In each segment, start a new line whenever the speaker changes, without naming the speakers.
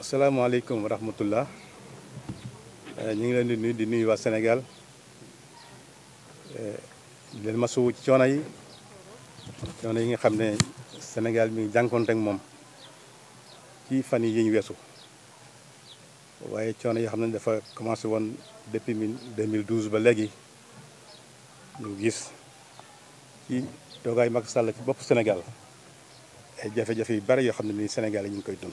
asalaamaaleykum wa rahmatullah euh, ñu ngi leen di nuyu di nuyu waa Sénégal euh, di leen masawu ci coono yi coono yi nga xam ne Sénégal mi ngi jànkoonte ak moom ci fan yi ñu weesu waaye coono yoo xam ne dafa commencé woon depuis 2012 ba léegi ñu gis ci toogaay Macky Sall bopp Sénégal ay jafe-jafe yu bari yoo xam ne nii Sénégal yi ñu ngi koy dund.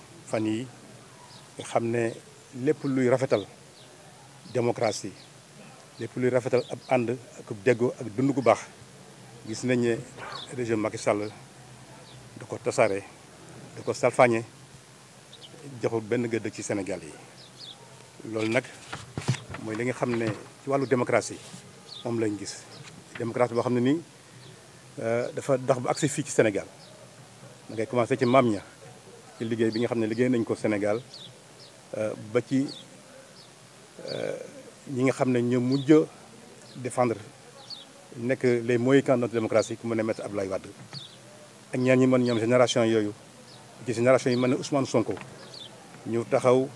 fan yi nga xam ne lépp luy rafetal démocratie lépp luy rafetal ab ànd ak déggoo ak dund gu baax gis nañ ne régime Macky Sall da ko tasare da ko salfaañe joxul benn gëdd ci Sénégal yi loolu nag mooy li nga xam ne ci wàllu démocratie moom lañ gis démocratie boo xam ne nii euh, dafa dox ba agsi fii ci Sénégal da ngay commencé ci maam ña ci liggéey bi nga xam ne liggéey nañ ko Sénégal euh, ba ci euh, ñi nga xam ne ñu mujj defendre nekk les Mohicans de notre démocratie ku mu ne ab Abdoulaye Wade ak ñaan ñi mën ñoom génération yooyu ci génération yi mën ne Ousmane Sonko ñu taxaw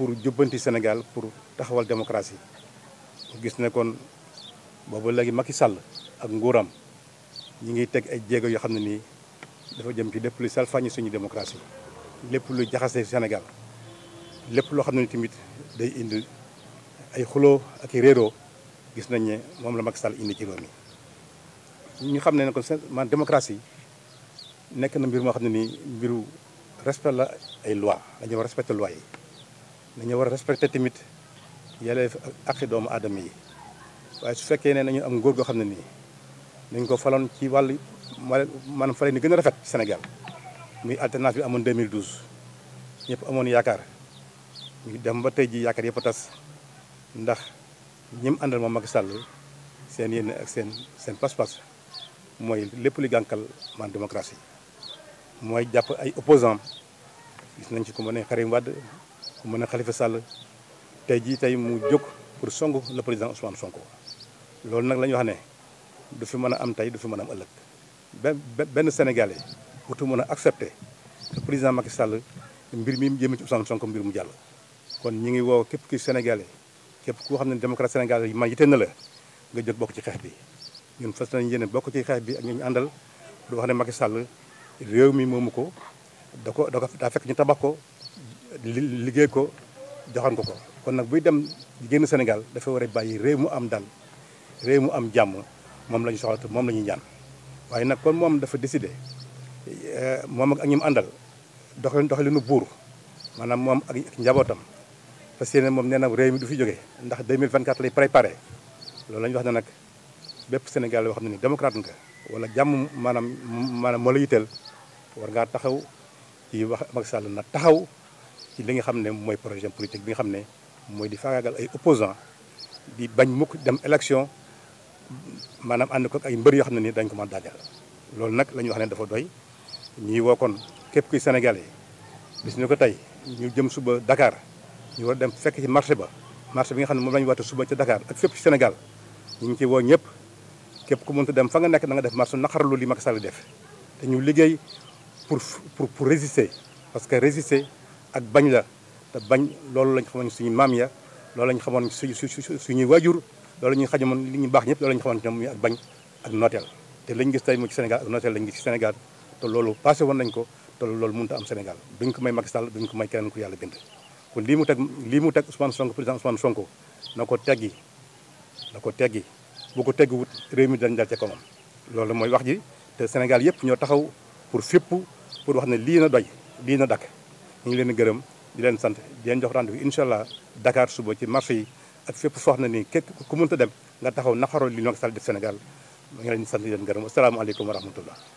pour jubbanti Sénégal pour taxawal démocratie gis ne kon boobu léegi Macky Sall ak nguuram ñu ngi teg ay jéego yoo xam ne nii dafa jëm ci lépp lu salfaañi suñu démocratie lépp lu jaxase Sénégal lépp loo xam ne tamit day indi ay xuloo ak i gis nañ ne moom la Macky sal indi ci réew mi ñu xam ne kon man démocratie nekk na mbir moo xam ne mbiru respect la ay loi dañoo respecté loi yi dañu war a respecté tamit yelleef ak i doomu aadama yi waaye su fekkee ne nañu am ngóor goo xam ne nii dañ ko faloon ci wàll maanaam fa la ni gën a rafet Sénégal muy alternance bi amoon 2012 ñëpp amoon yaakaar ñu dem ba tey ji yaakaar yëpp a tas ndax ñim àndal moom Macky Sall seen yéene ak seen seen pas-pas mooy lépp lu gànkal man démocratie mooy jàpp ay opposants gis nañ ci ku mën a Karim Wade ku mën a Khalifa Sall tey jii tey mu jóg pour song le président Ousmane Sonko loolu nag la ñu wax ne du fi mën a am tey du fi mën a am ëllëg benn Sénégalais wutu mën a accepté que président Macky Sall mbir mi jëm ci Ousmane Sonko mbir mu jàll. kon ñi ngi woo képp ki Sénégalais képp koo xam ne démocrate Sénégalais yi man yite na la nga jot bokk ci xeex bi ñun fas nañ yéene bokk ci xeex bi ak ñu àndal du wax ne Macky sàll réew mi moomu ko da ko da ko daa fekk ñu tabax ko liggéey ko joxan ko ko. kon nag buy dem génn Sénégal dafa war a bàyyi réew mu am daal réew mu am jàmm moom lañu soxla te moom la ñuy ñaan. waaye nag kon moom dafa décidé eh, moom ak ñi mu àndal doxalin nu buur maanaam moom ak njabootam parce que moom nee na réew mi du fi jóge ndax 2024 lay préparé loolu la wax ne nag bépp Sénégal wax na ni démocrate nga wala jàmm maanaam maanaam moo la yitteel war ngaa taxaw ci wax Macky Sall na taxaw ci li nga xam ne mooy projet politique bi nga xam ne mooy di faagaagal ay opposants di bañ mukk dem élection manam and ko ak mbeur yo yoo ni dañ ko ma dajal loolu nak la wax ne dafa doy ñi kon kep kuy Sénégalais bis ñu ko tey ñu jëm suba Dakar ñu war dem fekk ci marché ba marché bi nga xam mom lañu wata suba ci Dakar ak fepp ci Sénégal ñu ngi ciy woo ñëpp ku mënta dem fa nga nek da nga def marché lu li Macky pur def te ñu liggéey pour pour pour résister parce que résister ak bagn la te bagn loolu lañ xamoon suñu mam ya loolu lañ xamoon suñu wajur loolu ñu xajum li ñu bax ñep loolu ñu xamante ne muy ak bañ ak notel té lañu gis tay mu ci Sénégal ak notel lañu gis ci Sénégal té loolu passé won nañ ko té loolu mënta am Sénégal duñ ko may Macky Sall duñ ko may kenen ku yalla bind kon li mu teg li mu teg Ousmane Sonko président Ousmane Sonko nako téggi nako téggi bu ko téggu wut réew mi dañ dal ci komam loolu moy wax ji té Sénégal yépp ñoo taxaw pour fépp pour wax né li na doy li na dak ñu leen di gërëm di leen sante di leen jox rendez-vous inshallah Dakar suba ci marché ak fépp foo na ni nii ku ku mënta dem nga taxaw naxaroo li Macky Sall def Sénégal ma ngi leen di sant yéen gërëm asalaamaaleykum wa rahmatullah